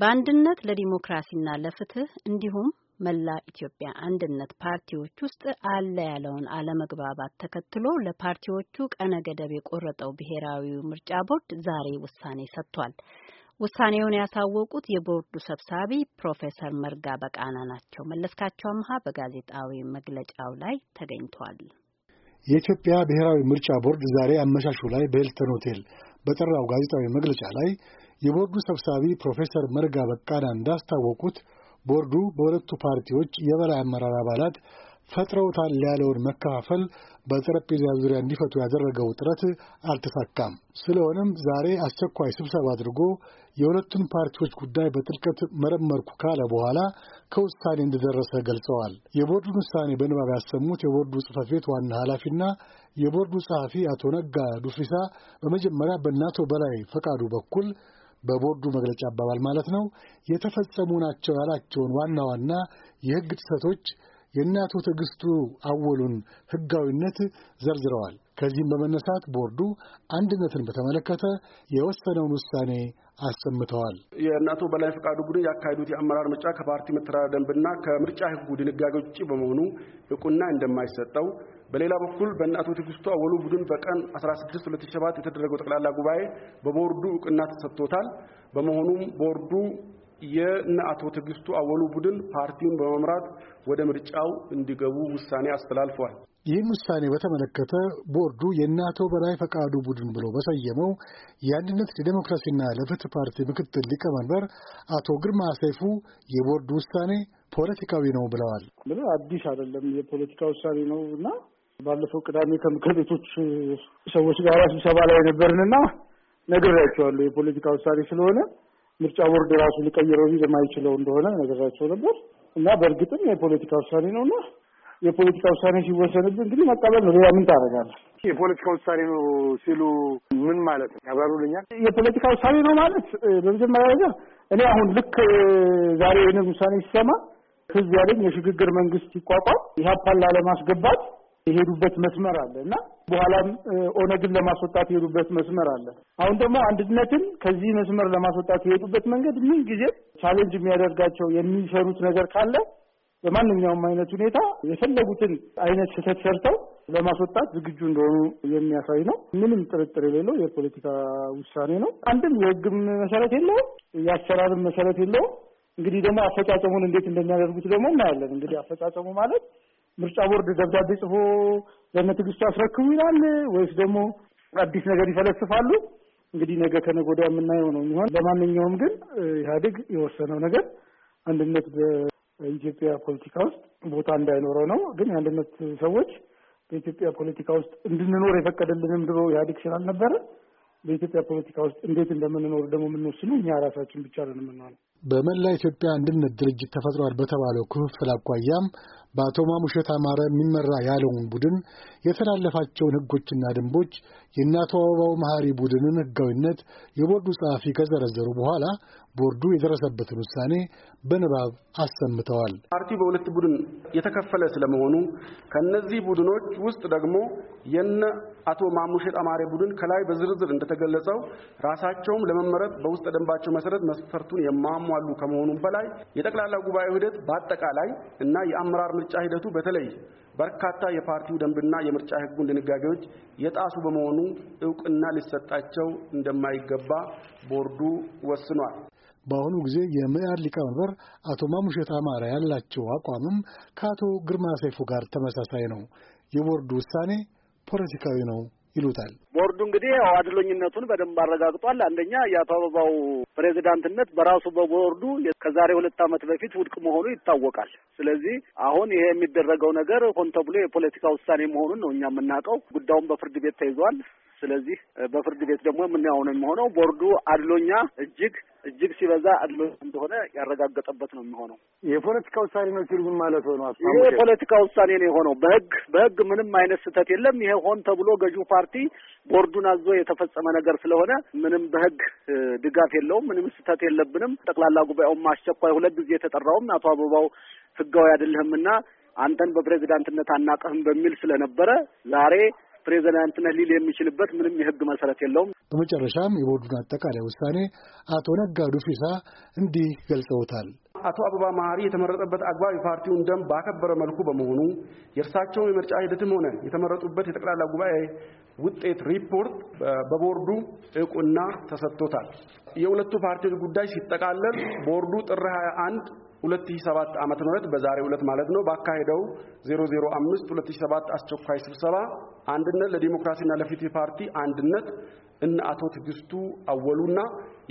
በአንድነት ለዲሞክራሲና ለፍትህ እንዲሁም መላ ኢትዮጵያ አንድነት ፓርቲዎች ውስጥ አለ ያለውን አለመግባባት ተከትሎ ለፓርቲዎቹ ቀነ ገደብ የቆረጠው ብሔራዊ ምርጫ ቦርድ ዛሬ ውሳኔ ሰጥቷል። ውሳኔውን ያሳወቁት የቦርዱ ሰብሳቢ ፕሮፌሰር መርጋ በቃና ናቸው። መለስካቸው አምሃ በጋዜጣዊ መግለጫው ላይ ተገኝቷል። የኢትዮጵያ ብሔራዊ ምርጫ ቦርድ ዛሬ አመሻሹ ላይ በሂልተን ሆቴል በጠራው ጋዜጣዊ መግለጫ ላይ የቦርዱ ሰብሳቢ ፕሮፌሰር መርጋ በቃና እንዳስታወቁት ቦርዱ በሁለቱ ፓርቲዎች የበላይ አመራር አባላት ፈጥረውታል ያለውን መከፋፈል በጠረጴዛ ዙሪያ እንዲፈቱ ያደረገው ጥረት አልተሳካም። ስለሆነም ዛሬ አስቸኳይ ስብሰባ አድርጎ የሁለቱን ፓርቲዎች ጉዳይ በጥልቀት መረመርኩ ካለ በኋላ ከውሳኔ እንደደረሰ ገልጸዋል። የቦርዱን ውሳኔ በንባብ ያሰሙት የቦርዱ ጽህፈት ቤት ዋና ኃላፊና የቦርዱ ጸሐፊ አቶ ነጋ ዱፊሳ በመጀመሪያ በእነ አቶ በላይ ፈቃዱ በኩል በቦርዱ መግለጫ አባባል ማለት ነው የተፈጸሙ ናቸው ያላቸውን ዋና ዋና የህግ ጥሰቶች የእነ አቶ ትዕግስቱ አወሉን ሕጋዊነት ዘርዝረዋል። ከዚህም በመነሳት ቦርዱ አንድነትን በተመለከተ የወሰነውን ውሳኔ አሰምተዋል። የእነ አቶ በላይ ፈቃዱ ቡድን ያካሄዱት የአመራር ምርጫ ከፓርቲ መተዳደሪያ ደንብና ከምርጫ ህጉ ድንጋጌ ውጭ በመሆኑ እውቅና እንደማይሰጠው በሌላ በኩል በእነ አቶ ትዕግስቱ አወሉ ቡድን በቀን 16 2007 የተደረገው ጠቅላላ ጉባኤ በቦርዱ እውቅና ተሰጥቶታል። በመሆኑም ቦርዱ የእነ አቶ ትዕግስቱ አወሉ ቡድን ፓርቲውን በመምራት ወደ ምርጫው እንዲገቡ ውሳኔ አስተላልፈዋል። ይህን ውሳኔ በተመለከተ ቦርዱ የእነ አቶ በላይ ፈቃዱ ቡድን ብሎ በሰየመው የአንድነት ለዲሞክራሲና ለፍትህ ፓርቲ ምክትል ሊቀመንበር አቶ ግርማ ሰይፉ የቦርዱ ውሳኔ ፖለቲካዊ ነው ብለዋል። ምን አዲስ አይደለም፣ የፖለቲካ ውሳኔ ነው እና ባለፈው ቅዳሜ ከምክር ቤቶች ሰዎች ጋር ስብሰባ ላይ ነበርንና ነግሬያቸዋለሁ የፖለቲካ ውሳኔ ስለሆነ ምርጫ ቦርድ ራሱ ሊቀይረው የማይችለው እንደሆነ ነገራቸው ነበር እና በእርግጥም የፖለቲካ ውሳኔ ነው እና የፖለቲካ ውሳኔ ሲወሰንብህ እንግዲህ መቀበል ነው። ሌላ ምን ታደርጋለህ? የፖለቲካ ውሳኔ ነው ሲሉ ምን ማለት ነው? ያብራሩልኛል። የፖለቲካ ውሳኔ ነው ማለት በመጀመሪያ ነገር እኔ አሁን ልክ ዛሬ ይህንን ውሳኔ ሲሰማ ህዝብ ያለኝ የሽግግር መንግስት ሲቋቋም ኢህአፓን ላለማስገባት የሄዱበት መስመር አለ እና በኋላም ኦነግን ለማስወጣት የሄዱበት መስመር አለ። አሁን ደግሞ አንድነትን ከዚህ መስመር ለማስወጣት የሄዱበት መንገድ ምን ጊዜ ቻሌንጅ የሚያደርጋቸው የሚሰሩት ነገር ካለ በማንኛውም አይነት ሁኔታ የፈለጉትን አይነት ስህተት ሰርተው ለማስወጣት ዝግጁ እንደሆኑ የሚያሳይ ነው። ምንም ጥርጥር የሌለው የፖለቲካ ውሳኔ ነው። አንድም የሕግም መሰረት የለውም፣ የአሰራርም መሰረት የለውም። እንግዲህ ደግሞ አፈጻጸሙን እንዴት እንደሚያደርጉት ደግሞ እናያለን። እንግዲህ አፈጻጸሙ ማለት ምርጫ ቦርድ ደብዳቤ ጽፎ ለመትዕግስቱ አስረክቡ ይላል ወይስ ደግሞ አዲስ ነገር ይፈለስፋሉ? እንግዲህ ነገ ከነገ ወዲያ የምናየው ነው የሚሆን። ለማንኛውም ግን ኢህአዴግ የወሰነው ነገር አንድነት በኢትዮጵያ ፖለቲካ ውስጥ ቦታ እንዳይኖረው ነው። ግን የአንድነት ሰዎች በኢትዮጵያ ፖለቲካ ውስጥ እንድንኖር የፈቀደልንም ድሮ ኢህአዴግ ስላልነበረ በኢትዮጵያ ፖለቲካ ውስጥ እንዴት እንደምንኖር ደግሞ የምንወስኑ እኛ ራሳችን ብቻ ነን የምንሆነው። በመላ ኢትዮጵያ አንድነት ድርጅት ተፈጥሯል በተባለው ክፍፍል አኳያም በአቶ ማሙሸት አማረ የሚመራ ያለውን ቡድን የተላለፋቸውን ህጎችና ደንቦች የእነ አቶ አበባው መሐሪ ቡድንን ህጋዊነት የቦርዱ ጸሐፊ ከዘረዘሩ በኋላ ቦርዱ የደረሰበትን ውሳኔ በንባብ አሰምተዋል። ፓርቲው በሁለት ቡድን የተከፈለ ስለመሆኑ ከእነዚህ ቡድኖች ውስጥ ደግሞ የነ አቶ ማሙሸት አማረ ቡድን ከላይ በዝርዝር እንደተገለጸው ራሳቸውም ለመመረጥ በውስጥ ደንባቸው መሰረት መስፈርቱን የማሟሉ ከመሆኑም በላይ የጠቅላላ ጉባኤ ሂደት በአጠቃላይ እና የአመራር ምርጫ ሂደቱ በተለይ በርካታ የፓርቲው ደንብና የምርጫ ህጉን ድንጋጌዎች የጣሱ በመሆኑ እውቅና ሊሰጣቸው እንደማይገባ ቦርዱ ወስኗል። በአሁኑ ጊዜ የምዕአድ ሊቀመንበር አቶ ማሙሸት አማረ ያላቸው አቋምም ከአቶ ግርማ ሰይፉ ጋር ተመሳሳይ ነው። የቦርዱ ውሳኔ ፖለቲካዊ ነው ይሉታል። ቦርዱ እንግዲህ ያው አድሎኝነቱን በደንብ አረጋግጧል። አንደኛ የአቶ አበባው ፕሬዚዳንትነት በራሱ በቦርዱ ከዛሬ ሁለት ዓመት በፊት ውድቅ መሆኑ ይታወቃል። ስለዚህ አሁን ይሄ የሚደረገው ነገር ሆን ተብሎ የፖለቲካ ውሳኔ መሆኑን ነው እኛ የምናውቀው። ጉዳዩን በፍርድ ቤት ተይዟል። ስለዚህ በፍርድ ቤት ደግሞ የምናየው ነው የሚሆነው። ቦርዱ አድሎኛ እጅግ እጅግ ሲበዛ አድሎ እንደሆነ ያረጋገጠበት ነው የሚሆነው። የፖለቲካ ውሳኔ ነው ሲሉ ምን ማለት ሆነ? ይሄ የፖለቲካ ውሳኔ ነው የሆነው። በህግ በህግ ምንም አይነት ስህተት የለም። ይሄ ሆን ተብሎ ገዢው ፓርቲ ቦርዱን አዞ የተፈጸመ ነገር ስለሆነ ምንም በህግ ድጋፍ የለውም። የለውም፣ ምንም ስህተት የለብንም። ጠቅላላ ጉባኤውም አስቸኳይ ሁለት ጊዜ የተጠራውም አቶ አበባው ህጋዊ አይደለህምና አንተን በፕሬዚዳንትነት አናቀህም በሚል ስለነበረ ዛሬ ፕሬዚዳንትነት ሊል የሚችልበት ምንም የህግ መሰረት የለውም። በመጨረሻም የቦርዱን አጠቃላይ ውሳኔ አቶ ነጋዱ ፊሳ እንዲህ ገልጸውታል። አቶ አበባ መሐሪ የተመረጠበት አግባብ የፓርቲውን ደንብ ባከበረ መልኩ በመሆኑ የእርሳቸውን የምርጫ ሂደትም ሆነ የተመረጡበት የጠቅላላ ጉባኤ ውጤት ሪፖርት በቦርዱ እውቅና ተሰጥቶታል። የሁለቱ ፓርቲዎች ጉዳይ ሲጠቃለል ቦርዱ ጥር 21 2007 ዓመተ ምህረት በዛሬው ዕለት ማለት ነው ባካሄደው 005 2007 አስቸኳይ ስብሰባ አንድነት ለዲሞክራሲና ለፍትህ ፓርቲ አንድነት እነ አቶ ትዕግስቱ አወሉና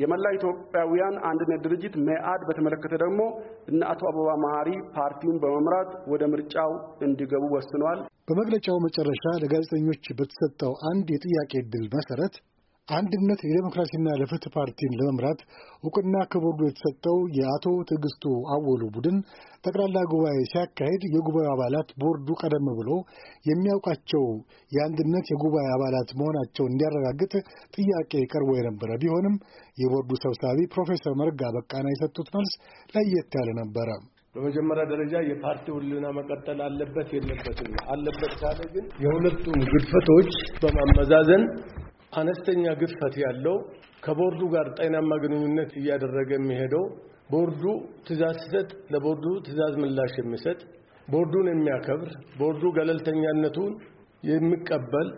የመላ ኢትዮጵያውያን አንድነት ድርጅት መኢአድ በተመለከተ ደግሞ እነ አቶ አበባ መሀሪ ፓርቲውን በመምራት ወደ ምርጫው እንዲገቡ ወስነዋል። በመግለጫው መጨረሻ ለጋዜጠኞች በተሰጠው አንድ የጥያቄ ዕድል መሰረት አንድነት ለዴሞክራሲና ለፍትህ ፓርቲን ለመምራት እውቅና ከቦርዱ የተሰጠው የአቶ ትዕግስቱ አወሉ ቡድን ጠቅላላ ጉባኤ ሲያካሄድ የጉባኤው አባላት ቦርዱ ቀደም ብሎ የሚያውቃቸው የአንድነት የጉባኤ አባላት መሆናቸው እንዲያረጋግጥ ጥያቄ ቀርቦ የነበረ ቢሆንም የቦርዱ ሰብሳቢ ፕሮፌሰር መርጋ በቃና የሰጡት መልስ ለየት ያለ ነበረ። በመጀመሪያ ደረጃ የፓርቲ ሕልውና መቀጠል አለበት የለበትም አለበት ካለ ግን የሁለቱም ግድፈቶች በማመዛዘን አነስተኛ ግድፈት ያለው ከቦርዱ ጋር ጤናማ ግንኙነት እያደረገ የሚሄደው ቦርዱ ትዛዝ ሲሰጥ ለቦርዱ ትዛዝ ምላሽ የሚሰጥ ቦርዱን የሚያከብር ቦርዱ ገለልተኛነቱን የሚቀበል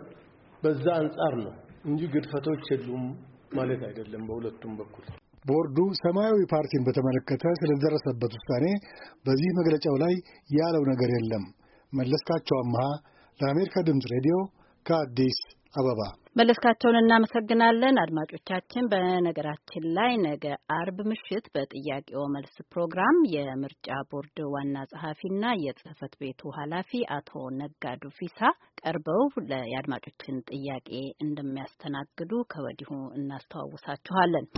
በዛ አንጻር ነው እንጂ ግድፈቶች የሉም ማለት አይደለም። በሁለቱም በኩል ቦርዱ ሰማያዊ ፓርቲን በተመለከተ ስለደረሰበት ውሳኔ በዚህ መግለጫው ላይ ያለው ነገር የለም። መለስካቸው አምሃ ለአሜሪካ ድምፅ ሬዲዮ ከአዲስ አበባ መለስካቸውን እናመሰግናለን። አድማጮቻችን፣ በነገራችን ላይ ነገ አርብ ምሽት በጥያቄው መልስ ፕሮግራም የምርጫ ቦርድ ዋና ጸሐፊና የጽህፈት ቤቱ ኃላፊ አቶ ነጋዱ ፊሳ ቀርበው የአድማጮችን ጥያቄ እንደሚያስተናግዱ ከወዲሁ እናስተዋውሳችኋለን።